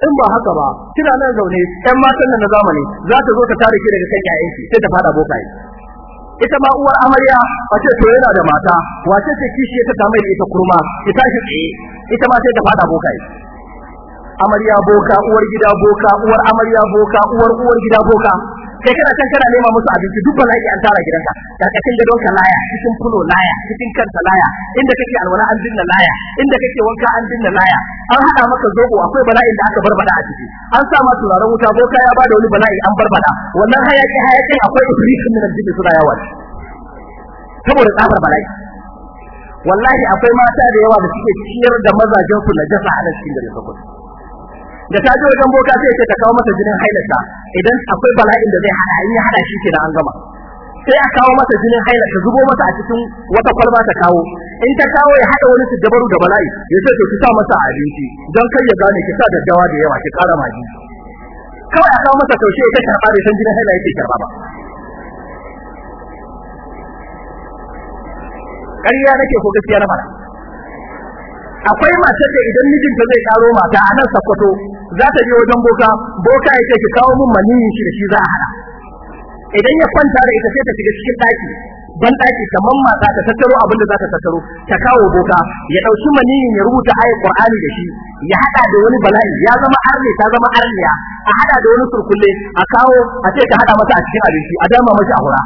in ba haka ba kina nan zaune ɗan matan nan na zamani za ta zo ta tare ki daga kan yayin ki sai ta fada bokaye ita ma uwar amarya wace to yana da mata wace ce kishi ta ta mai ita kurma ita shi ita ma sai ta fada bokaye amarya boka uwar gida boka uwar amarya boka uwar uwar gida boka sai kana can kana nema musu abinci duk bala'i an tara gidanka karkashin gadon ka laya cikin fulo laya cikin kanta laya inda kake alwala an dinna laya inda kake wanka an dinna laya an hada maka zobo akwai bala'in da aka barbada a ciki an sa ma turaren wuta boka ya bada wani bala'i an barbada wannan hayaki hayakin akwai ifritin min aljinni suna yawa saboda tsabar bala'i wallahi akwai mata da yawa da suke ciyar da mazajen su jasa a cikin gare Sokoto da ta je wajen boka sai ce ta kawo masa jinin hailata idan akwai bala'in da zai hada in ya hada shi ke da an gama sai a kawo masa jinin hailata zubo masa a cikin wata kwalba ta kawo in ta kawo ya hada wani dabaru da bala'i ya ce to ki sa masa abinci don kar ya gane ki sa daddawa da yawa ki kara magi kawai a kawo masa taushe ya karba da san jinin hailata yake karba ba ƙarya nake ko gaskiya na mana akwai mace da idan mijinta zai karo mata a nan sakwato za ta je wajen boka boka ce ki kawo min maniyin shi da shi za a hada idan ya kwanta da ita sai ta shiga cikin daki ban daki kamar mata ta tattaro abin da za ta tattaro ta kawo boka ya dauki maniyin ya rubuta ayat qur'ani da shi ya hada da wani bala'i ya zama arni ta zama arniya a hada da wani surkulle a kawo a ce ta hada masa a cikin abinci a dama masa a hura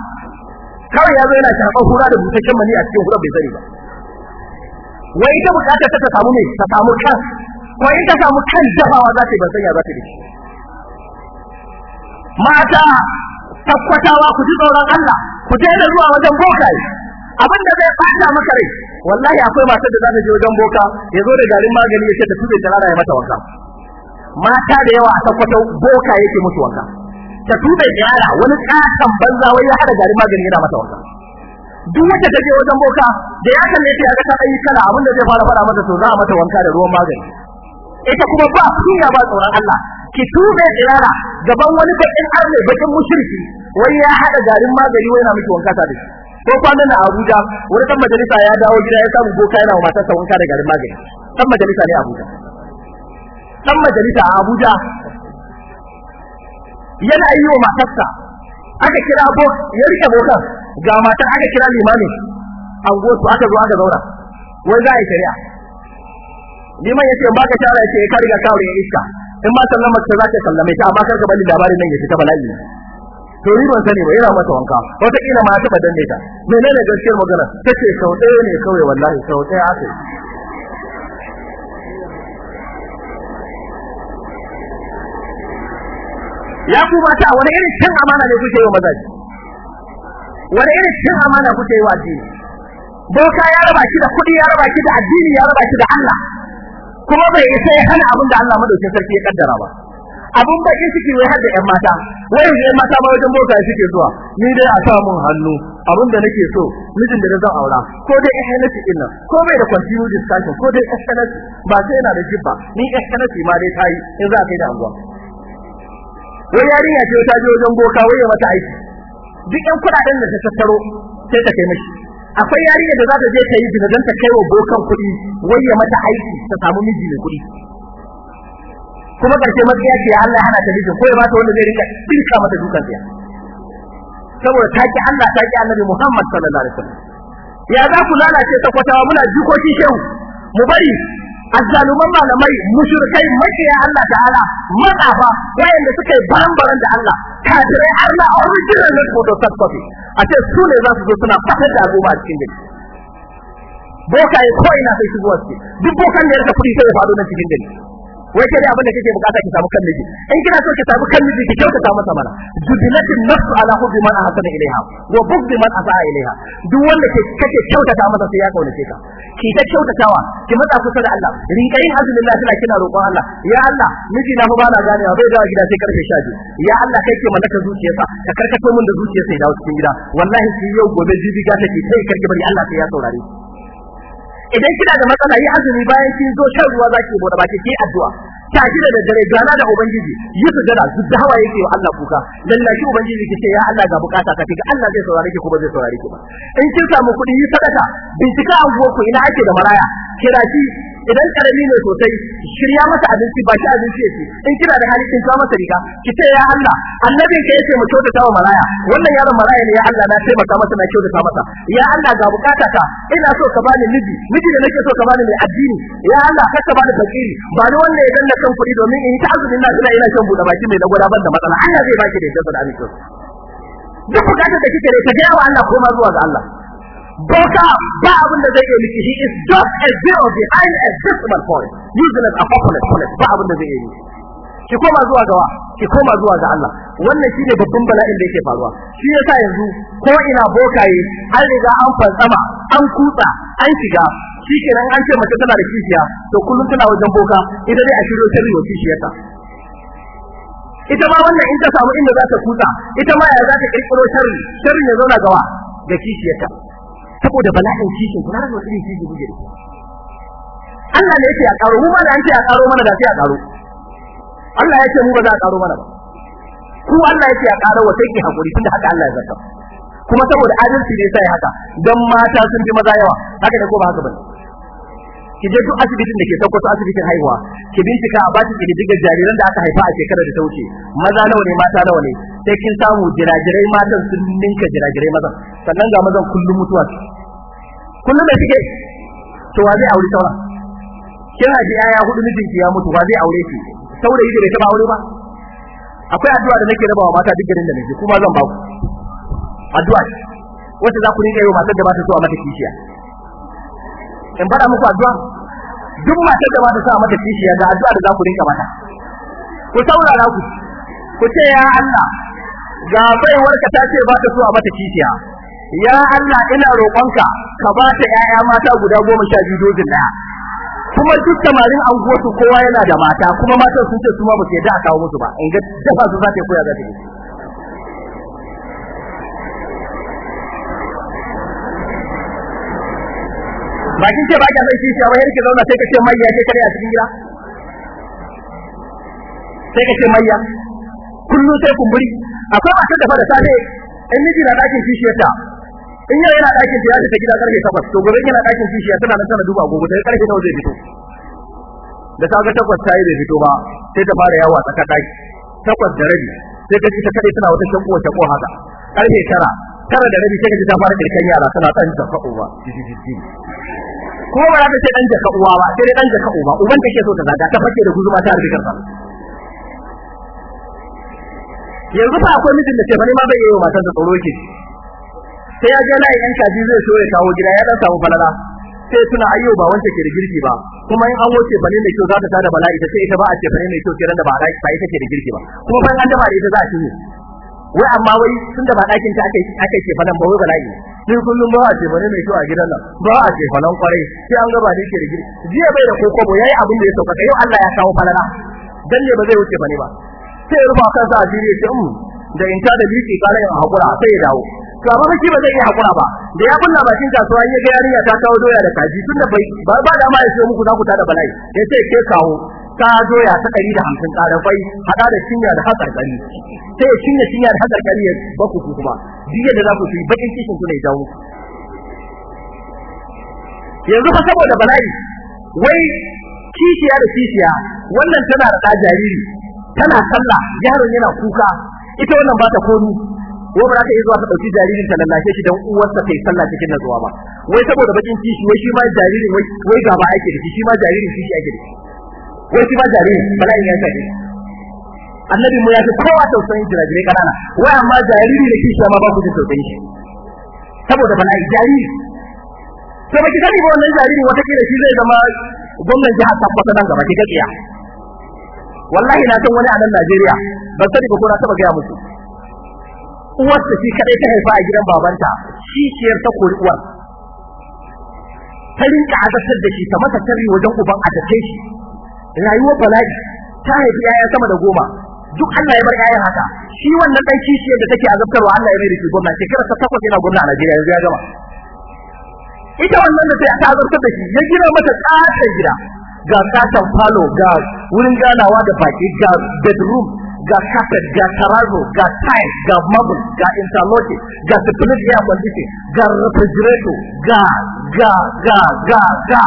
kawai ya zo yana shafar hura da butaccen mani a cikin hura bai sani ba wai ita bukatar ta samu ne ta samu kan ko in ta samu kan dafawa za ta yi za ta yi mata tabbatawa ku ji tsoron Allah ku da zuwa wajen bokaye abin da zai fada maka rai wallahi akwai matar da za ta je wajen boka ya zo da garin magani ya ce ta tube tarara ya mata wanka mata da yawa a tabbatar boka yake musu wanka ta tube tarara wani katon banza wai ya hada garin magani yana mata wanka duk wanda ta je wajen boka da ya kalle ta ga ta yi kala abin da zai fara fara mata to za a mata wanka da ruwan magani ita kuma ba kunya ba tsoron Allah ki tube dirara gaban wani bakin arne bakin mushriki wai ya hada garin magani wai na miki wanka ta da ko kwanan a Abuja wani kan majalisa ya dawo gida ya samu boka yana wa ta wanka da garin magani kan majalisa ne Abuja dan majalisa a Abuja yana yi wa matarsa aka kira abo ya rike bokan ga matar aka kira limamin anguwar su aka zo aka zauna wai za a yi shari'a liman yace ba ka shara yace ka riga ka aure iska in ma sallama ta zaka sallame ta amma kar ka bari labarin nan ya fita bala'i to ni ban sani ba yana mata wanka wata kila ma ta danne ta menene gaskiyar magana tace sau ɗaya ne kawai wallahi sau ɗaya aka ya ku mata wani irin cin amana ne kuke yi wa mazaji wani irin cin amana kuke yi wa addini boka ya raba ki da kuɗi ya raba ki da addini ya raba ki da Allah kuma bai isa ya hana abin da Allah madaukakin sarki ya kaddara ba abun bakin ciki wai har da ƴan mata wai ne mata ba wajen boka suke zuwa ni dai a sa mun hannu abin da nake so mijin da zan aura ko dai SNS din nan ko bai da continue discussion ko dai SNS ba sai yana da jibba ni SNS ma dai tayi in za kai da anguwa wai yarinya ce ta je wajen boka wai ya mata aiki duk ƴan kudaden da ta tattaro sai ta kai mishi akwai yarinya da za ta je ta yi zina don ta kai wa bokan kuɗi wai ya mata aiki ta samu miji mai kuɗi kuma karshe matsiya ce Allah hana ta miji ko ya ba ta wanda zai rika dinka mata dukan tsiya saboda ta ki Allah ta ki Annabi Muhammad sallallahu alaihi wasallam ya za ku lalace ta kwatawa muna jikoki shehu mu bari azzaluman malamai mushrikai makiya Allah ta'ala matsafa wayanda suka yi baran baran da Allah kafirai Allah a wurin jiran ne ko to a ce su ne za su zo suna fatar da al'umma a cikin gari bokaye ko ina sai shigo a ciki duk bokan da ya rika kuɗi sai ya faɗo na cikin gari wai kai abin da kake bukata ki samu kan miji in kina so ki samu kan miji ki kyautata masa mana judilatin nafsu ala hubbi man ahsana ilaiha wa bughdi man asaa ilaiha duk wanda ke kake kyautata masa sai ya kaunace ka ki ta kyautatawa ki matsa kusa da Allah rinka yin azumin Allah kina kina roƙon Allah ya Allah miji na fa bana ganewa bai dawo gida sai karfe 12 ya Allah kai ke mallaka zuciyarsa ka karkato min da zuciyarsa ya dawo cikin gida wallahi ki yau gobe jibi ga take sai karki bari Allah sai ya saurare idan kina da matsala yi azumi bayan kin zo shan ruwa ki bude baki ki addu'a ta da dare gana da ubangiji yi su jira duk da hawa ke wa Allah kuka lallashi ubangiji ki ce ya Allah ga bukata ka ga Allah zai saurare ki kuma zai saurare ki ba in kin samu kuɗi yi sadaka bincika an ku ina ake da maraya kira shi idan karami ne sosai shirya masa abinci ba shi abinci yake in kina da hali kin masa riga ki ce ya Allah annabin ka ce mu kyautata wa maraya wannan yaron maraya ne ya Allah na taimaka masa na kyautata masa ya Allah ga bukata ta ina so ka bani miji miji da nake so ka bani mai addini ya Allah ka bani fakiri ba ni wannan ya na kan kuɗi domin in ta azumin na ina ina shan bude baki mai dagwada ban da matsala Allah zai baki da yadda da aminci duk bukatar da kike da ta ga Allah koma zuwa ga Allah boka ba abin da zai yi miki he is just a zero behind a decimal point a apocalypse point ba abin da zai yi miki ki koma zuwa ga wa ki koma zuwa ga Allah wannan shine babban bala'in da yake faruwa shi yasa yanzu ko ina bokaye an riga an fantsama an kutsa an shiga shi nan an ce mace tana da kishiya to kullum tana wajen boka ita dai a shiryo ta riyo kishiyarta ita ma wannan in ta samu inda za ta kutsa ita ma ya za ta kirkiro sharri sharri ya zauna gawa ga kishiyarta saboda bala'in kishin kuna da wani kishin kuke da Allah ne yake a karo mu ba da yake ya a karo mana da yake ya karo Allah yake mu ba za a karo mana ba ku Allah yake a karo wa take hakuri tunda haka Allah ya zaka kuma saboda adalci ne sai haka dan mata sun fi maza yawa haka da ko ba haka ba. ki je duk asibitin da ke su asibitin haihuwa ki bincika a bashi ki diga jariran da aka haifa a shekarar da ta wuce maza nawa ne mata nawa ne sai kin samu jirajirai matan sun ninka jirajirai mazan sannan ga mazan kullum mutuwa su kullum da suke to wa zai aure saura kina ji aya hudu mijinki ya mutu wa zai aure ki saurayi da bai taba aure ba akwai addu'a da nake rabawa mata duk garin da nake kuma zan ba ku addu'a wacce za ku rinka yi wa matar da ba ta so a mata kishiya in faɗa muku addu'a duk matar da ba ta so a mata kishiya ga addu'a da za ku rinka mata ku saurara ku ku ce ya Allah ga baiwarka ta ce ba ta so a mata kishiya ya Allah ina roƙonka ka ba ta ƴaƴa mata guda goma sha biyu dozin ɗaya kuma duk samarin anguwarsu kowa yana da mata kuma matan sun ce su ma ba su yarda a kawo musu ba in ga dafa su za ta koya za ta yi ba kin ce ba ka sai kishiya ba yarki zauna sai ka ce mayya sai kare a cikin gida sai ka ce mayya kullum sai kumburi akwai matar da da safe in miji na dakin kishiyarta in yau yana ɗakin shi ya fita gida karfe takwas to gobe yana ɗakin shi ya tana nan tana duba gobe sai karfe takwas zai fito da ta ga takwas ta yi bai fito ba sai ta fara yawa tsaka ɗaki takwas da rabi sai ta ci ta kaɗai tana wata shanko wata ko ta. karfe tara tara da rabi sai ka ji ta fara kirkan yara tana ɗan jaka uwa ko ba za ta ce ɗan jaka uwa ba sai dai ɗan jaka uba uban take so ta zaga ta fake da guzuma ta harbi karfa yanzu fa akwai mijin da ce fa ne ma bai yi wa matarsa tsoro yake sai ya ga layin kaji zai so ya kawo gida ya dan samu falala sai tuna ayyo ba wanda ke da girki ba kuma in an wuce bane mai kyau za ta tada bala'i ta ce ita ba a ce bane mai kyau kiran da ba a sai ita ke da girki ba kuma fa an daba da ita za a cinye wai amma wai tun da ba dakin ta aka aka ce falan ba wai bala'i sai kullum ba a ce bane mai kyau a gidan nan ba a ce falan kwarai sai an ba da ke da girki jiya bai da kokobo yayi abin da ya sauka yau Allah ya kawo falala dan ne ba zai wuce bane ba sai ya rufa kansa a jiri ya ce mm, da in ta da biki kana hakura sai ya dawo to amma ba zai iya hakura ba da ya kunna bakin kasuwa ya ga yarinya ta kawo doya da kaji Tun da bai ba ba da ma ya sayo muku za ku tada bala'i sai ke kawo ka doya ta 150 kada bai hada da cinya da hatsar kari sai ya cinya cinya da hatsar kari ba ku kuma diga da za ku yi bakin kishin ku ne dawo yanzu fa saboda bala'i wai kishiya da kishiya wannan tana da jariri tana sallah yaron yana kuka ita wannan ba ta komi ko ba za ta iya zuwa ta ɗauki jaririn ta lallashe shi don uwarsa ta yi sallah cikin natsuwa ba wai saboda bakin kishi wai shi ma jaririn wai wai gaba ake da shi shi ma jaririn kishi ake da shi wai shi ma jaririn bala bala'in ya sake annabi mu ya fi kowa tausayin jirajirai kanana wai amma jariri da kishi ma ba ku jin tausayin shi saboda bala'i jariri to baki sani ba wannan jariri wata kila shi zai zama gwamnan jihar ta nan gaba ki gaskiya wallahi na san wani a nan Najeriya ban sani ba ko na taba gaya musu uwarta shi kadai ta haifa a gidan babanta kishiyar ta kori uwar ta rinka azabtar da shi ta masa sharri wajen uban a tace shi rayuwar bala'i ta haifi 'ya'yan sama da goma duk Allah ya bar yayan haka shi wannan dan kishiyar da take azabtarwa Allah ya mai da shi gwamna shekarar ta takwas yana gwamna a Najeriya yanzu ya gama ita wannan da ta azabtar da shi ya gina mata katon gida ga satan falo ga wurin ganawa da baki ga bedroom ga carpet ga tarazo ga tile ga marble ga interlocking ga split air condition ga refrigerator ga ga ga ga ga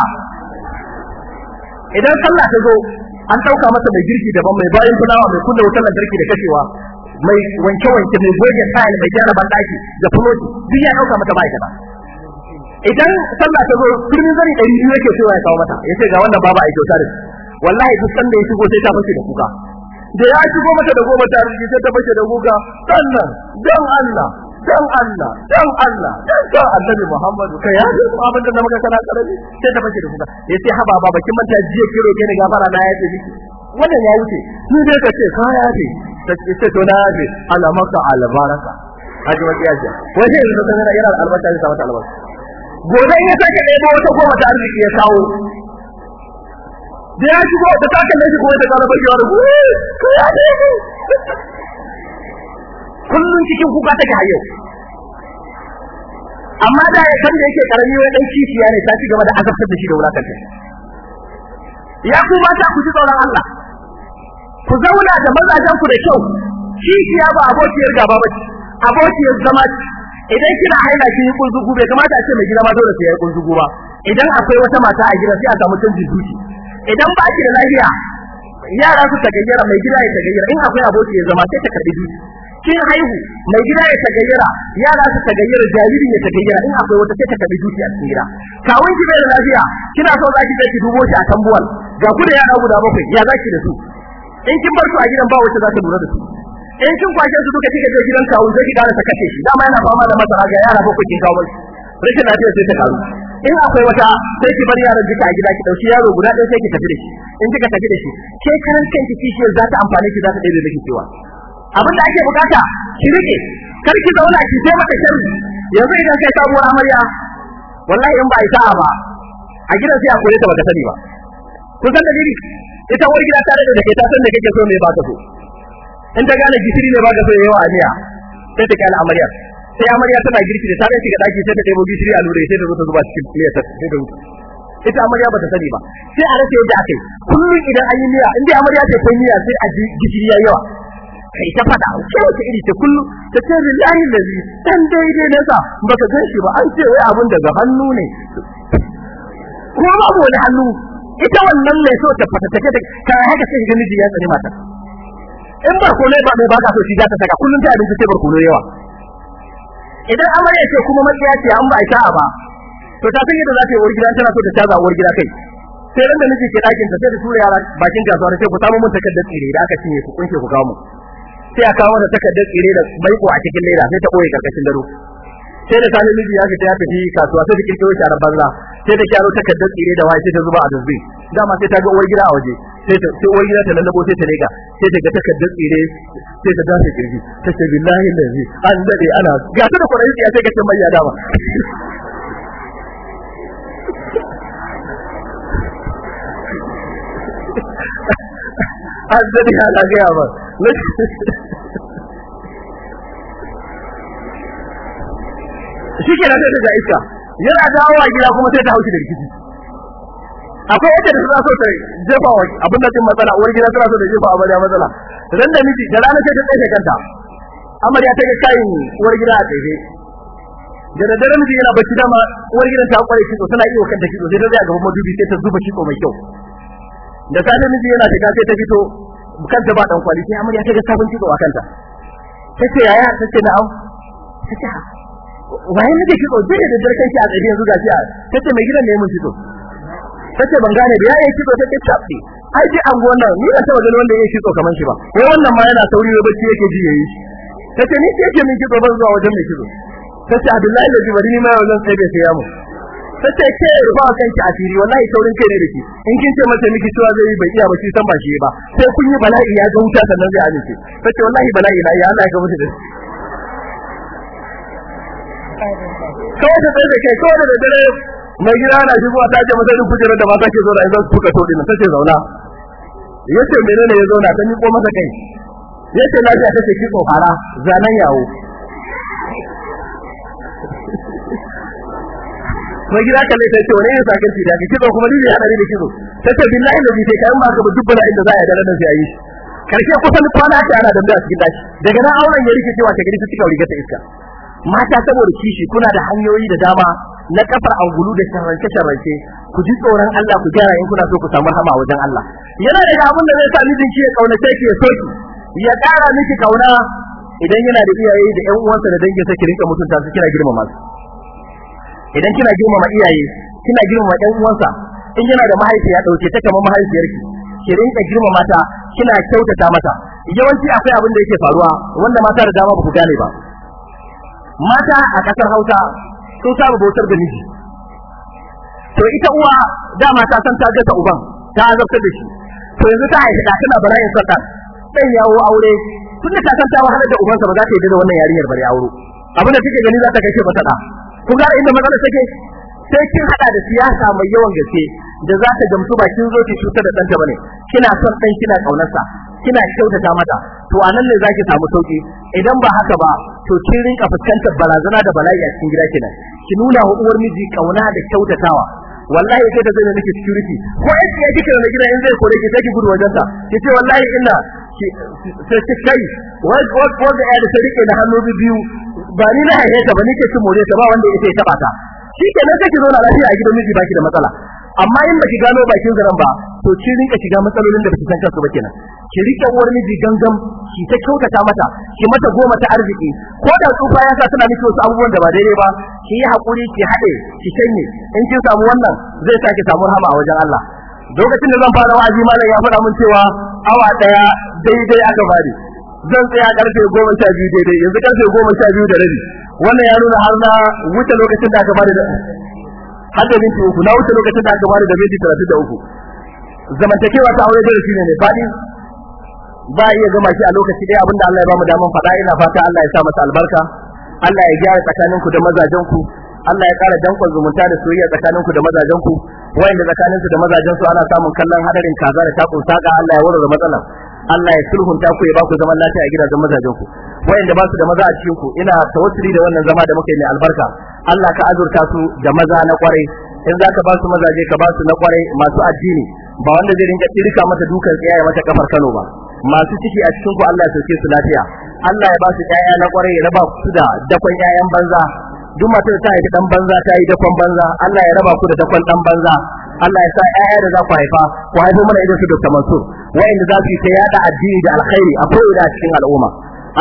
idan sallah ta zo an ɗauka masa mai girki daban mai bayan fulawa mai kunna wutar lantarki da kashewa mai wanke wanke mai goge tile mai gyara bandaki da fuloti duk ya ɗauka mata bai gaba idan sallah ta zo turmi zari ɗari biyu yake cewa ya kawo mata yace ga wannan baba ai kyauta da wallahi duk sanda ya shigo sai ta fashe da kuka da ya ci goma da goma ta rigi sai ta bace da guga sannan dan Allah dan Allah dan Allah dan allah annabi Muhammad ka ya ji abin da muka kana karabi sai ta bace da guga yace haba baba kin manta jiya kiro ke ne fara na yace miki wannan ya wuce ni dai kace kaya ne sai to na yace alamaka albaraka haji wani ji wai sai da kana yana albarka sai ta mata albarka gobe ya sake ɗebo wata goma ta rigi ya kawo da ya shigo da ta shi ko ta kara barkewa da kullun cikin kuka take hayo amma da ya san da yake karami wai dan kishiya ne ta ci gaba da azabtar da shi da wulakanta ya ku ta ku ji tsoron Allah ku zauna da mazajen ku da kyau kishiya ba abokiyar gaba ba ce abokiyar zama ce idan kina haila kin yi kunzugu bai kamata a ce mai gida ma dole sai ya yi kunzugu ba idan akwai wata mata a gida sai a samu canjin duki idan ba ki da lafiya yara su ta gayyara mai gida ya ta gayyara in akwai aboki ya zama sai ta karbi kin haihu mai gida ya ta gayyara yara su ta gayyara jariri ya ta gayyara in akwai wata sai ta karbi duki a cikin gida kawun ki bai da lafiya kina so zaki ki je ki dubo shi a tambuwal ga ku da yara guda bakwai ya za ki da su in kin bar su a gidan ba wata za ta lura da su in kin kwashe su duka kika je gidan kawun zai ki ƙara ta kashe shi dama yana fama da masara ga yara bakwai kin kawo rashin lafiya sai ta karu in akwai wata sai ki bar yaron duka a gida ki dauki yaro guda ɗaya sai ki tafi da shi in kika tafi da shi ke karan kanki kishiyar za ta amfane ki za ta daidai da cewa abin da ake bukata ki rike kar ki zauna ki sai mata sharri yanzu idan kai sabuwar amarya wallahi in ba ita ba a gidan sai a kore ta baka sani ba kun san da dalili ita uwar gida ta da kai ta san da kake so me ba ka so in ta gane gisiri ne ba ka so yawa a miya sai ta kyale amaryar sai amarya tana girki da ta shiga daki sai ta ɗebo gishiri a lura sai ta zo ta zuba cikin miya ta sai ta wuce ita amarya ba ta sani ba sai a rasa yadda aka yi kullum idan an yi miya inda amarya ta kai miya sai a ji gishiri ya yawa kai ta fada ko ta iri ta kullum ta ce lillahi lazi dan daidai na sa baka gan shi ba an ce wai abun daga hannu ne ko babu wani hannu ita wannan mai so ta fata take ta kai haka sai ga miji ya tsare mata in kone ba ba ka so shi za ta saka kullum ta abinci sai barkono yawa idan amarya ce kuma makiya ce an ba a sha'a ba to ta san da za ta yi uwargida tana so ta sha caza gida kai sai ran da miji ke dakin ta sai da tura yara bakin kasuwa ta ce ku samu mun takardar tsire da aka cinye ku kunce ku kawo mu sai a kawo da takardar tsire da maiko a cikin leda sai ta koye karkashin daro sai da sani miji ya fita ya tafi kasuwa sai ta kirkiro sharar banza sai ta kyaro takardar tsire da waye sai ta zuba a dubbe dama sai ta ga uwar gida a waje sai ta sai uwar gida ta lallabo sai ta rega sai ta ga takardar tsire sai ta dace kirji ta ce billahi lazi an dade ana ga ta da kwarai sai ce ga ta mai ya dama an dade ana ga ya ba shi ke da sai ta ga iska yana dawowa gida kuma sai ta haushi da rikici akwai wata da suna so ta jefa wa abin da cin matsala uwar gida suna so ta jefa amarya matsala ran da miji da ranar sai ta tsaye kanta amarya ta ga kayan uwar gida a tsaye da daddare miji yana bacci dama uwar gidan ta kware kitso tana iya kanta kitso sai ta zai a gaban madubi sai ta zuba kitso mai kyau da safe miji yana shiga sai ta fito kanta ba dan kwali sai amarya ta ga sabon kitso a kanta tace yaya tace na'am tace waye nake kitso dai da daddare kai shi a tsaye yanzu gashi a tace mai gidan ne mun kitso tace ban gane da yayi kitso take tabbi ai ji an gona ni da tawaga wanda yake kitso kaman shi ba ko wannan ma yana sauri ne bacci yake ji yayi tace ni yake min kitso ban zuwa wajen mai kitso tace abdullahi da jibari ni ma wannan sai bai saya mu tace ke ba kan ki asiri wallahi saurin kai ne dake in kin ce masa miki cewa zai yi bai iya ba shi san ba shi ba sai kun yi bala'i ya ga wuta sannan zai amince tace wallahi bala'i na ya Allah ya ga mutu da kawai da kai kawai da dare mai gida na shigo ta ce masa duk kujerar da ba ta ke zo da idan suka na ta ce zauna Ya ce yace ne ya zauna ta ko masa kai Ya yace lafiya ce ki hara, zanen yawo mai gida lai ta ce wani yin sakin ti da ki kuma ni ne hadari da kizo bin billahi da bi kai ba ka ba dubbana inda za a yi da nan sai karshe kusan kwana ta ana dambe a cikin daki daga nan auren ya rike cewa ta gani ta cika ga ta iska mata saboda kishi kuna da hanyoyi da dama na kafar angulu da sharrance sharrance ku ji tsoron Allah ku gyara in kuna so ku samu rahama wajen Allah yana da abin da zai sa mijinki ya kaunace ki ya soki ya ƙara miki kauna idan yana da iyaye da ƴan uwansa da sa ki rinka mutunta su kina girmama su idan kina girmama iyaye kina girmama 'yan uwansa in yana da mahaifiya dauke ta kamar mahaifiyarki ki rinka girmama ta kina kyautata mata yawanci akwai abin da yake faruwa wanda mata da dama ba ku gane ba mata a ƙasar Hausa sun saba bautar da miji to ita uwa dama ta san ta ta uban ta azabta da shi to yanzu ta haifi da tana saka, sai ya yawo aure tun da ta san ta wahalar da ubansa ba za ta yi da wannan yarinyar bari aure abin da take gani za ta kashe mata da ku ga inda matsalar take sai kin hada da siyasa mai yawan gaske da za ta gamsu ba kin zo ki cutar da danta bane kina son dan kina kaunarsa kina kyautata mata to anan ne zaki samu sauki idan ba haka ba to kin rinka fuskantar barazana da bala'i a cikin gida kenan ki nuna wa uwar miji kauna da kyautatawa wallahi sai da zai miki security ko in ya kike da gida in zai kore ki sai ki gudu wajen sa ki ce wallahi inna sai ki kai wai ko ko da ya da rike da hannu biyu ba ni na haye ta ba ni ke ci more ta ba wanda yake taba ta shi nan sai ki zo na lafiya a gidan miji baki da matsala amma in ki gano bakin zaren ba to ki rinka shiga matsalolin da baki san kansu ba kenan ki rike wani miji gangan ki ta kyautata mata ki mata goma ta arziki ko da tsufa ya sa tana miki wasu abubuwan da ba daidai ba ki yi hakuri ki haɗe ki sanye in kin samu wannan zai sake ki samu rahama a wajen Allah lokacin da zan fara wa'azi malam ya faɗa min cewa awa daya daidai aka bari zan tsaya karfe goma sha biyu daidai yanzu karfe goma sha biyu da rabi wannan ya nuna har na wuce lokacin da aka bari da. har da minti uku na wuce lokacin da aka bani da minti talatin da uku zamantakewa ta aure darasi ne mai faɗi ba iya gama shi a lokaci ɗaya abinda Allah ya bamu daman faɗa ina fata Allah ya sa masa albarka Allah ya gyara tsakaninku da mazajenku Allah ya ƙara dankon zumunta da soyayya tsakaninku da mazajenku wayanda tsakaninsu da su ana samun kallon hadarin kaza da takun saka Allah ya warware matsalar Allah ya sulhunta ku ya ba ku zaman lafiya a gidajen mazajen ku wayanda ba su da maza a cikin ku ina tawassuli da wannan zama da muka yi mai albarka Allah ka azurta su da maza na kwarai in za ka ba su mazaje ka ba su na kwarai masu addini ba wanda zai rinka tsirika mata dukan tsaya mata kafar Kano ba masu ciki a cikin ku Allah ya sauke su lafiya Allah ya ba su ƴaƴa na kwarai ya raba su da dakon ƴaƴan banza duk matar ta haifi dan banza ta yi dakon banza Allah ya raba ku da dakon dan banza Allah ya sa ƴaƴa da za ku haifa ku haifo mana irin su Dr. Mansur wa'inda za su yi ta yada addini da alkhairi a ko'ina a cikin al'umma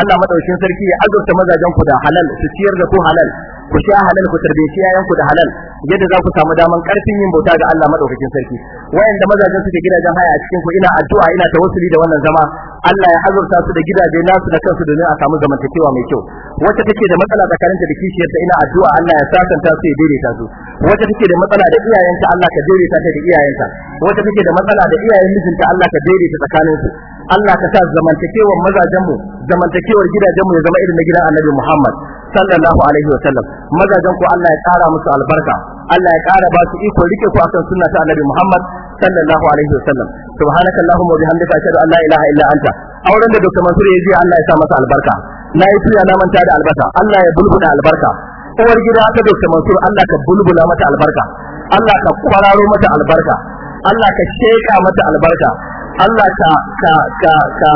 Allah madaukin sarki ya azurta mazajen ku da halal su ciyar da ku halal ku sha halal ku tarbiyyaci yayan ku da halal yadda za ku samu daman karfin yin bauta ga Allah madaukakin sarki wayanda mazajen suke gidajen haya a cikin ku ina addu'a ina tawassuli da wannan zama Allah ya azurta su da gidaje nasu da kansu domin a samu zamantakewa mai kyau wacce take da matsala tsakaninta da kishiyarta ina addu'a Allah ya sasanta su ya daidaita su wacce take da matsala da iyayenta Allah ka daidaita ta da iyayenta wacce take da matsala da iyayen mijinta Allah ka daidaita tsakanin su Allah ka sa zamantakewar mazajen mu zamantakewar gidajen mu ya zama irin na gidan Annabi Muhammad sallallahu alaihi wa sallam mazajen ku Allah ya kara musu albarka Allah ya kara ba su iko rike ku akan sunna ta Annabi Muhammad sallallahu alaihi wa sallam subhanaka allahumma wa bihamdika ashhadu an la ilaha illa anta auren da Dr. Mansur ya ji Allah ya sa masa albarka na yi tuya na manta da albasa Allah ya bulbuda albarka uwar gida ta Dr. Mansur Allah ka bulbula mata albarka Allah ka kwararo mata albarka Allah ka sheka mata albarka Allah ka ka ka ka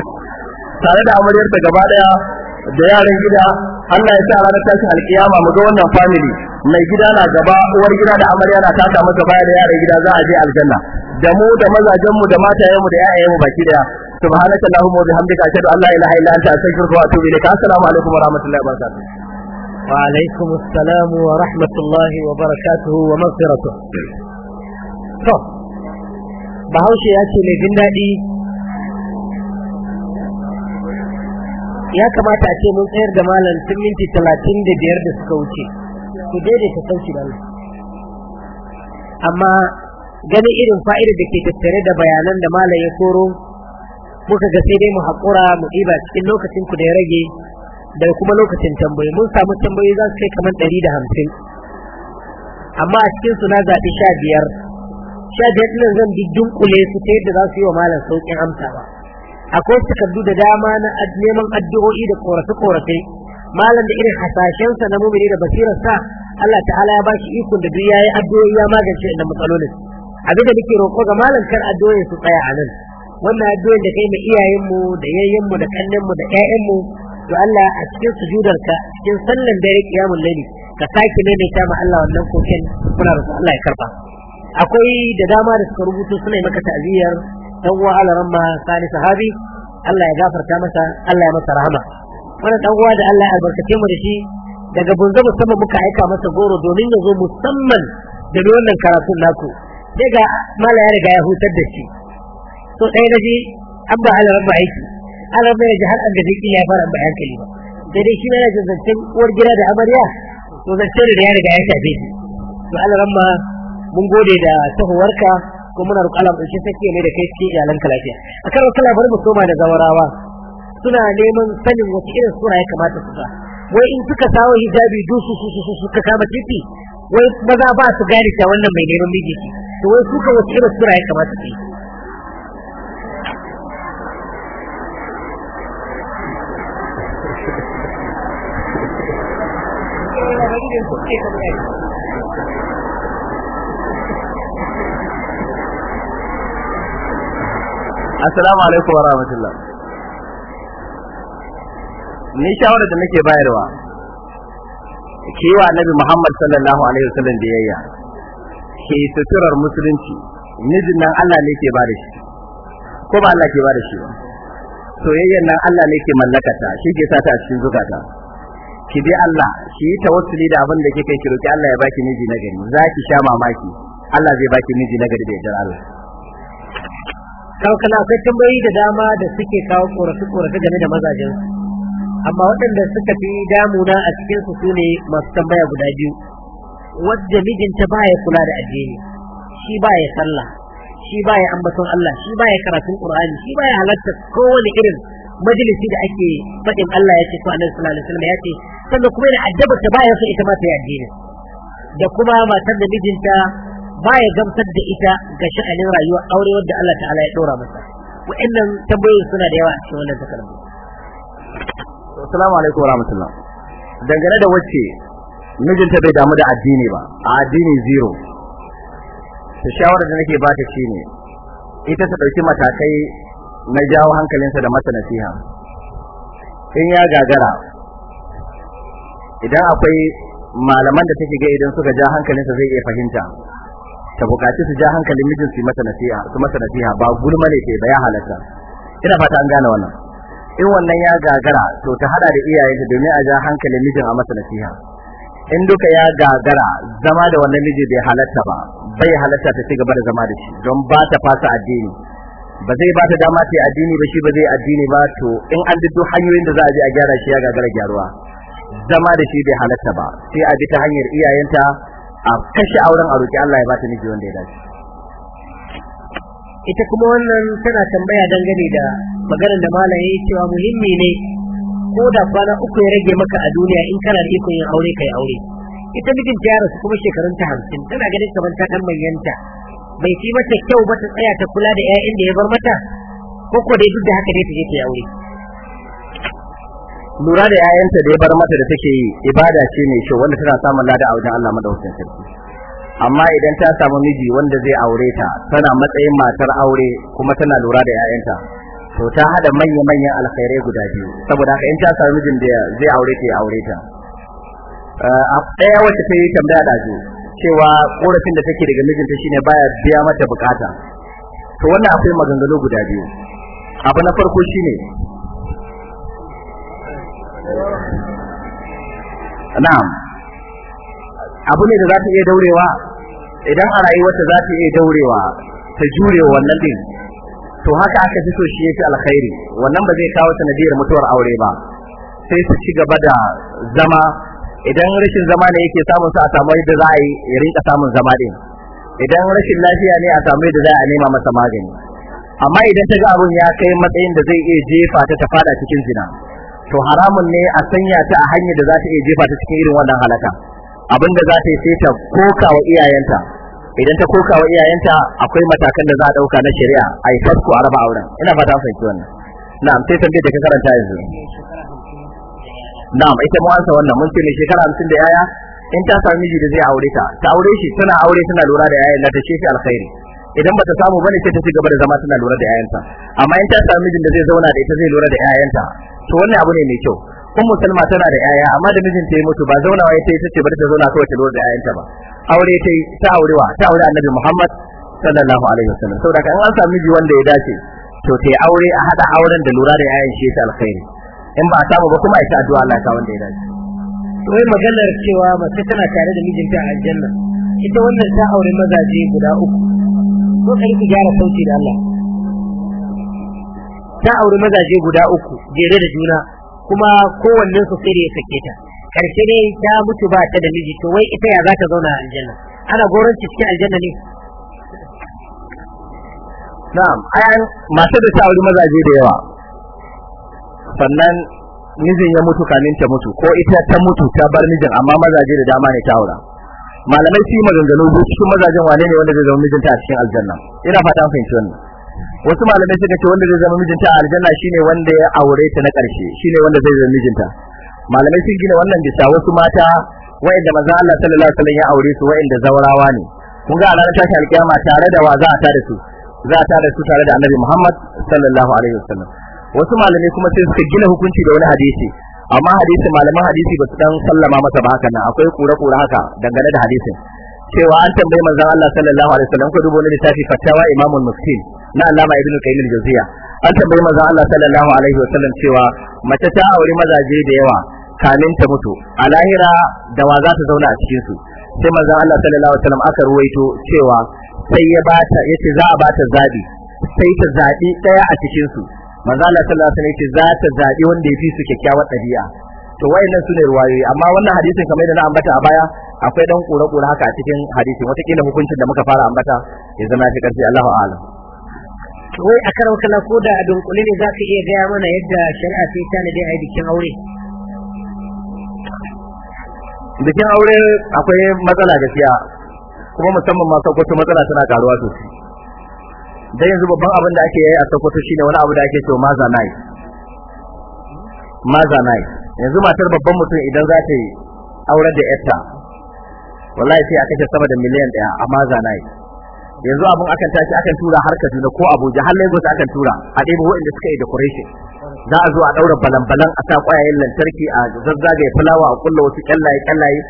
tare da amaryar ta gaba daya da yaran gida Allah ya sa ranar tashin alkiyama mu ga wannan family mai gida na gaba uwar gida da amarya na taka mata baya da yaran gida za a je aljanna da mu da mazajen mu da matayen mu da yayayen mu baki daya subhanallahi wa bihamdika ashhadu an la ilaha illa anta astaghfiruka wa atubu ilaik assalamu alaikum wa rahmatullahi wa barakatuh وعليكم السلام ورحمة الله وبركاته ومغفرته to bahaushe ya ce mai jin daɗi ya kamata a ce mun tsayar da malam tun minti talatin da biyar da suka wuce ku ta sauki da amma ganin irin fa'ida da ke tattare da bayanan da malam ya koro muka ga sai dai mu haƙura mu ɗiba cikin lokacin ku da ya rage da kuma lokacin tambayi mun samu tambayi za su kai kamar ɗari da hamsin amma a cikin su na zaɓi sha biyar sha biyar ɗin zan bi dunkule su ta yadda za su yi wa malam sauƙin amsawa akwai takardu da dama na neman addu'o'i da korafe-korafe malam da irin hasashensa na mumini da basirarsa Allah ta'ala ya bashi ikon da duk yi addu'o'i ya magance inda matsalolin abin da nake roƙo ga malam kar addu'o'i su tsaya a nan wannan addu'o'in da kai mu iyayenmu da yayyenmu da kannenmu da 'ya'yanmu. to Allah a cikin sujudarka cikin sallan dare kiyamul laili ka sake maimaita ma Allah wannan koken Kuna roƙon Allah ya karba akwai da dama da suka rubuto suna maka ta'ziyar dan uwa alaran ma sani sahabi Allah ya gafarta masa Allah ya masa rahama wannan dan uwa da Allah ya albarkace mu da shi daga bunza musamman muka aika masa goro domin ya zo musamman da wannan karatun naku sai ga mala ya riga ya hutar da shi so ɗaya na ji an ba alaran aiki ana mai da har an gaji kila ya fara an bayan kali ba sai dai shi yana zancen uwar gida da amarya to zancen da ya riga ya shafe shi to Allah ramma mun gode da tahowarka ko muna roƙon Allah ɗauki sake ne da kai cikin iyalanka lafiya a kan wasu labarin mu soma da zawarawa suna neman sanin wace irin sura ya kamata su sa wai in suka sawo hijabi dusu su su suka kama titi wai maza ba su gane ta wannan mai neman miji to wai suka wasu irin sura ya kamata su yi Asalamu alaikum wa rahmatullah. Ni shawara da nake bayarwa ki wa Annabi Muhammad sallallahu alaihi wasallam biyayya. ke suturar musulunci mijin nan Allah ne ke bada shi. Ko ba Allah ke bada shi ba. Soyayyen nan Allah ne ke mallakata, shi ke sa a cikin zukata. ki bi Allah ki yi tawassuli da abin da kika yi ki roki Allah ya baki miji na gari za ki sha mamaki Allah zai baki miji na gari da yardar Allah kawkala akwai tambayoyi da dama da suke kawo korafi-korafi game da mazajen amma waɗanda suka fi damuna a cikin su ne masu tambaya guda biyu wadda mijinta baya kula da addini shi baya sallah shi baya ambaton Allah shi baya karatun Qur'ani shi baya halarta kowane irin majalisi da ake faɗin Allah ya ce ko Annabi sallallahu alaihi wasallam ya ce sannan kuma yana addaba ta baya son ita ma ta ne da kuma matar da mijinta baya gamsar da ita ga sha'anin rayuwar aure wanda Allah ta'ala ya dora masa wa'annan tambayoyin suna da yawa a cikin wannan takalma assalamu alaikum wa rahmatullah dangane da wacce mijinta bai damu da addini ba a addini zero ta shawarar da nake ba ta shine ita ta dauki matakai na jawo hankalinsa da masa nasiha in ya gagara idan akwai malaman da ta shiga idan suka ja hankalinsa zai iya fahimta ta bukaci su ja hankalin mijin su mata nasiha su masa nasiha ba gulma ne ba ya halatta ina fata an gane wannan in wannan ya gagara to ta hada da iyayenta domin a ja hankalin mijin a masa nasiha in duka ya gagara zama da wannan miji bai halatta ba bai halatta ta ci gaba da zama da shi don ba ta fasa addini ba zai ba ta dama ta addini ba shi ba zai addini ba to in an bi hanyoyin da za a je a gyara shi ya gagara gyaruwa zama da shi bai halatta ba sai a bi ta hanyar iyayenta a kashe auren a roƙi Allah ya bata miji wanda ya dace ita kuma wannan tana tambaya dangane da maganar da malam yi cewa muhimmi ne ko da kwana uku ya rage maka a duniya in kana da ikon yin aure kai aure ita mijin ta rasu kuma shekarun ta hamsin tana ganin kamar ta kan manyanta bai fi mata kyau ba ta tsaya ta kula da 'ya'yan da ya bar mata ko ko dai duk da haka dai ta je ta aure lura da 'ya'yanta da ya bar mata da take yi ibada ce mai kyau wanda tana samun lada a wajen Allah madaukakin sarki amma idan ta samu miji wanda zai aure ta tana matsayin matar aure kuma tana lura da 'ya'yanta to ta hada manya manyan alkhairai guda biyu saboda haka in ta samu mijin da zai aure ta ya aure ta eh, a ɗaya wacce ta yi tambaya da cewa korafin da take daga mijinta shine baya biya mata bukata to wannan akwai maganganu guda biyu abu na farko shine na'am abu ne da za ta iya daurewa idan a rayuwarta za ta iya daurewa ta jure wannan din to haka aka fi so shi fi alkhairi wannan ba zai kawo sanadiyar mutuwar aure ba sai su ci gaba da zama idan rashin zama ne yake samun sa a samu yadda za a yi ya rinka samun zama din idan rashin lafiya ne a samu yadda za a nema masa magani amma idan ta ga abin ya kai matsayin da zai iya jefa ta ta fada cikin zina to haramun ne a sanya ta a hanyar da za ta iya jefa ta cikin irin wannan halaka abin da za ta yi sai ta koka wa iyayenta idan ta koka wa iyayenta akwai matakan da za a dauka na shari'a a yi fasko a raba auren ina fata fahimci wannan na'am sai ta da ka karanta yanzu na'am ita mu ansa wannan mun ce mai shekara 50 da yaya in ta sami miji da zai aure ta ta aure shi tana aure tana lura da yayan ta ce shi alkhairi idan bata samu bane sai ta ci gaba da zama tana lura da ta amma in ta sami mijin da zai zauna da ita zai lura da yayanta to wannan abu ne mai kyau ummu salma tana da yaya amma da mijinta ya mutu ba zaunawa ya ta ce bari ta zauna kawai ta lura da yayanta ba aure yi ta aurewa ta aure annabi Muhammad sallallahu alaihi wasallam saboda kan an sami miji wanda ya dace to ta yi aure a hada auren da lura da yayan shi ta alkhairi in ba a samu ba kuma a ta addu'a Allah kawo wanda ya dace to wai maganar cewa mace tana tare da mijinta a aljanna ita wannan ta aure mazaje guda uku ko kai ki gyara sauti da Allah ta aure mazaje guda uku jere da juna kuma kowannen su sai da ya sake ta karshe ne ta mutu ba ta da miji to wai ita ya za ta zauna a aljanna ana goranci cikin aljanna ne na'am ayan masu da ta aure mazaje da yawa sannan mijin ya mutu kamin ta mutu ko ita ta mutu ta bar mijin amma mazaje da dama ne ta aura malamai su yi maganganu su cikin mazajen wane ne wanda zai zama mijinta a cikin aljanna ina fata an fahimci wannan wasu malamai suka ce wanda zai zama mijinta a aljanna shine wanda ya aure ta na ƙarshe shine wanda zai zama mijinta malamai sun gina wannan bisa wasu mata wa'inda maza Allah sallallahu alaihi wasallam ya aure su wa'inda zawarawa ne kun ga a ranar tashin alkiyama tare da wa za a tare su za a tare su tare da annabi Muhammad sallallahu alaihi wasallam wasu malamai kuma sai suka gina hukunci da wani hadisi amma hadisi malaman hadisi ba su dan sallama masa ba haka nan akwai kura-kura haka dangane da hadisin cewa an tambayi manzon Allah sallallahu alaihi wasallam ko dubo ne littafi fatawa imamul muslim na Allama ibn qayyim al-jawziya an tambayi manzon Allah sallallahu alaihi wasallam cewa mace ta aure mazaje da yawa kamin ta mutu a lahira da wa za ta zauna a cikin su sai manzon Allah sallallahu alaihi wasallam aka ruwaito cewa sai ya bata yace za a bata zabi sai ta zabi daya a cikin su manzo Allah sallallahu alaihi wasallam za ta zabi wanda yafi su kyakkyawar ɗabi'a to wayannan sune ruwayoyi amma wannan hadisin kamar da na ambata a baya akwai dan kura-kura haka a cikin wata kila hukuncin da muka fara ambata ya zama fi ƙarfi Allahu a'lam to wai a karan kala ko da a dunkule ne za ka iya gaya mana yadda shari'a ta yi tanadi a bikin aure bikin aure akwai matsala gaskiya kuma musamman ma wata matsala tana karuwa sosai dan yanzu babban abin da ake yi a Sokoto shine wani abu da ake cewa mazanai mazanai yanzu matar babban mutum idan za ta yi aure da yarta wallahi sai aka kashe sama da miliyan daya a mazanai yanzu abun akan tashi akan tura har Kaduna ko Abuja har Lagos akan tura a ɗebo waɗanda suka yi decoration za a zo a daura balan-balan a sa kwayayen lantarki a zazzagaye fulawa a kulla wasu kyallaye-kyallaye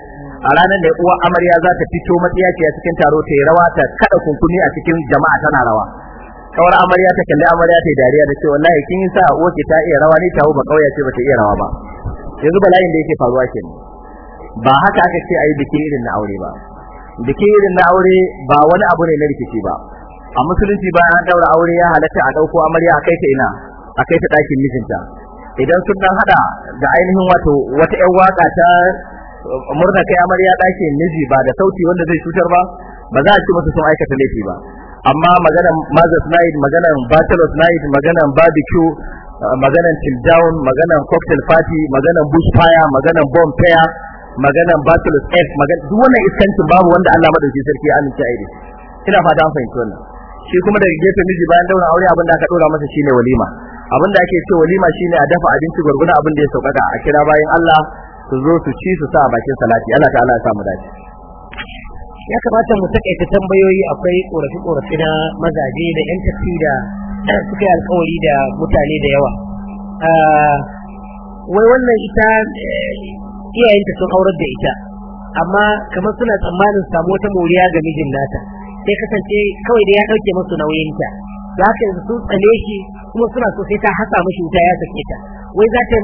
a ranar da uwa amarya za ta fito matsiyaciya cikin taro ta yi rawa ta kada kunkuni a cikin jama'a tana rawa kawar amarya ta kalli amarya ta dariya da ce wallahi kin sa woke ta iya rawa ne ta ba kauya ce ba ta iya rawa ba yanzu bala'in da yake faruwa kenan ba haka aka ce ayi biki irin na aure ba biki irin na aure ba wani abu ne na rikici ba a musulunci bayan an daura aure ya halatta a dauko amarya a kai ta ina a kai ta dakin mijinta idan sun dan hada da ainihin wato wata yan waka ta murna kai amarya dakin miji ba da sauti wanda zai cutar ba ba za a ci masa sun aikata laifi ba amma maganan Mazas night maganan bachelor's night maganan barbecue maganan till down maganan cocktail party maganan bush fire maganan bomb fire maganan bachelor's f maganan duk wannan iskancin babu wanda Allah madauki sarki an ci a ina fata an fahimci wannan shi kuma daga gefe miji bayan daura aure abin da aka dora masa shine walima abin da ake ce walima shine a dafa abinci gurguna abin da ya saukaka a kira bayan Allah su zo su ci su sa a bakin salati Allah ta'ala ya samu dace ya kamata mu takaita tambayoyi akwai korafi korafi na mazaje da yan tafi da suka yi alkawari da mutane da yawa ah, wai wannan ita eh, iyayenta sun aurar da ita amma kamar suna tsammanin samu wata moriya ga mijin nata sai kasance kawai da ya dauke musu nauyinta za ka yanzu sun tsale shi kuma suna so sai ta hasa mashi wuta ya sake ta wai za ta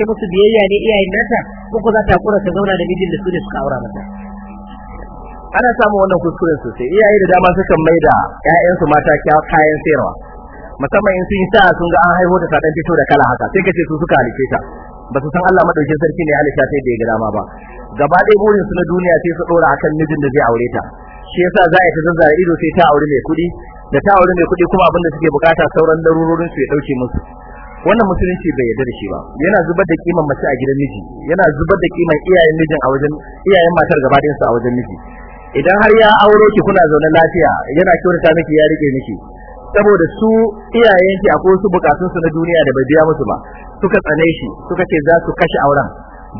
yi masa biyayya ne iyayen nata ko ko za ta hakura ta zauna da mijin da su ne suka aura mata ana samun wannan kuskure sosai iyaye da dama sukan maida ƴaƴansu mata kayan sayarwa musamman in sun yi sa'a sun ga an haihu da sadan fito da kala haka sai kace su suka halice ta ba su san Allah madauke sarki ne halitta sai da ya gama ba gaba ɗaya burin su na duniya sai su dora akan mijin da zai aure ta shi yasa za a ta zazzara ido sai ta aure mai kuɗi da ta aure mai kuɗi kuma abin da suke bukata sauran darurorin su ya dauke musu wannan musulunci bai yarda da shi ba yana zubar da kiman mace a gidan miji yana zubar da kiman iyayen mijin a wajen iyayen matar gaba ɗayan su a wajen miji idan har ya aure ki kuna zaune lafiya yana kyautata miki ya rike miki saboda su iyayenki akwai su bukatun su na duniya da bai biya musu ba suka tsane shi suka ce za su kashe auren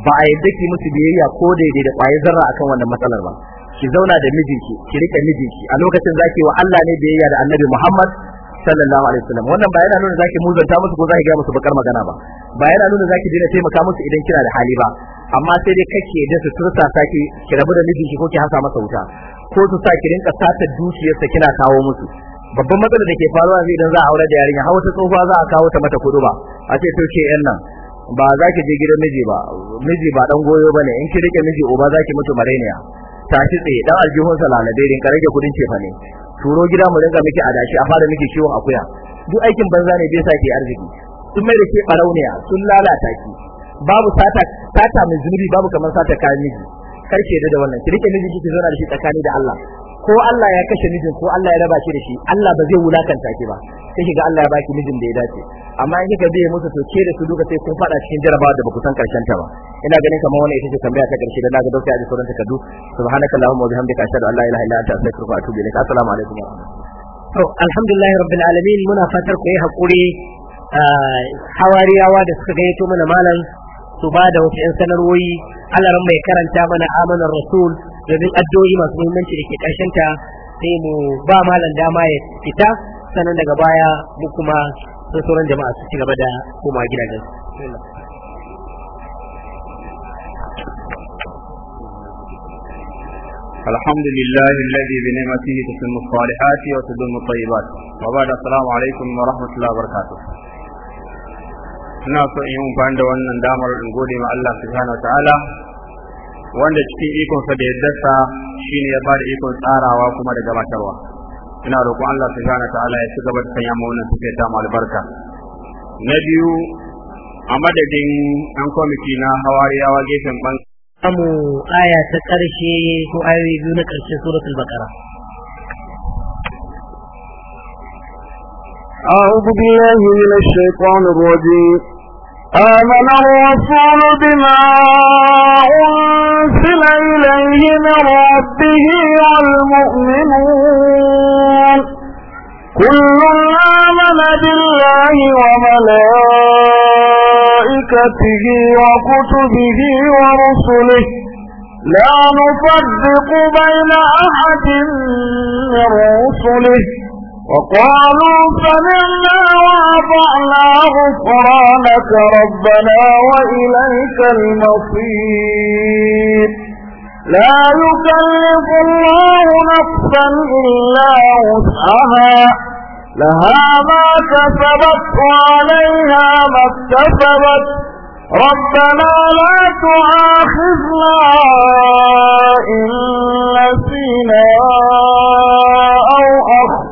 ba a yadda ki musu biyayya ko daidai da kwaye zarra akan wannan matsalar ba ki zauna da mijinki ki rike mijinki a lokacin zaki wa Allah ne biyayya da Annabi Muhammad sallallahu alaihi wasallam wannan ba yana nuna zaki muzanta musu ko zaki ga musu bakar magana ba ba yana nuna zaki daina taimaka musu idan kina da hali ba amma sai dai kake da su tursa saki ki rabu da mijinki ko ki hasa masa wuta ko su sa ki rinka sata dukiyarsa kina kawo musu babban matsalar da ke faruwa sai idan za a aure da yarinya hawa ta tsofa za a kawo ta mata kudu ba a ce to ke yan nan ba za ki je gidan miji ba miji ba dan goyo bane in ki rike miji uba za ki mutu mareniya tashi tsaye dan aljihun sa dai rinka rage kudin cefane. ne turo gida mu rinka miki adashi a fara miki ciwon akuya duk aikin banza ne bai sa ki arziki sun mai da ke barauniya sun lalata ki babu sata sata mai zunubi babu kamar sata kayan miji kar ke da wannan ki rike miji ki zauna da shi tsakani da Allah ko Allah ya kashe mijin ko Allah ya raba shi da shi Allah ba zai wulakanta ki ba sai kiga Allah ya baki mijin da ya dace amma in kika biye musu to ke da su duka sai kun fada cikin jarabawa da baku san karshen ta ba ina ganin kamar wannan ita ce tambaya ta karshe da naga dauka a jikin takardu allahumma wa bihamdika ashhadu an la ilaha illa anta astaghfiruka wa atubu ilaik assalamu alaikum wa to alhamdulillah rabbil alamin muna fatar ku yi hakuri ah, hawariyawa da suka to mana malam su ba da wasu 'yan sanarwoyi alaran mai karanta mana amanar rasul domin addu'o'i masu muhimmanci da ke ƙarshen ta sai mu ba malam dama ya fita sannan daga baya mu kuma sauran jama'a su ci gaba da koma gidajen الحمد لله الذي بنعمته تتم الصالحات وتدم الطيبات وبعد السلام عليكم ورحمة الله وبركاته ina so in yi amfani da wannan damar in gode ma Allah subhanahu wa ta'ala wanda cikin ikon ikonsa da dasa shine ya bada ikon tsarawa kuma da gabatarwa ina roƙon Allah subhanahu wa ta'ala ya ci da sanya mu wannan suke da albarka na biyu a madadin ɗan kwamiti na hawariyawa gefen ban samu aya ta ƙarshe ko ayoyi biyu na ƙarshe suratul baqara أعوذ بالله من الشيطان الرجيم آمن الرسول بما أنزل إليه من ربه والمؤمنون كل آمن بالله وملائكته وكتبه ورسله لا نفرق بين أحد من رسله وقالوا سمعنا وأطعنا غفرانك ربنا وإليك المصير لا يكلف الله نفسا إلا وسعها لها ما كسبت وعليها ما اكتسبت ربنا لا تعاخذنا إن نسينا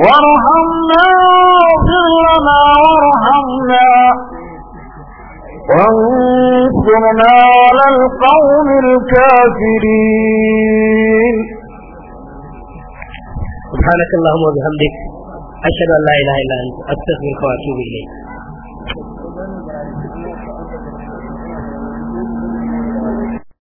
وارحمنا واغفر لنا وارحمنا وانصرنا على القوم الكافرين سبحانك اللهم وبحمدك أشهد أن لا إله إلا أنت أستغفرك وأتوب إليك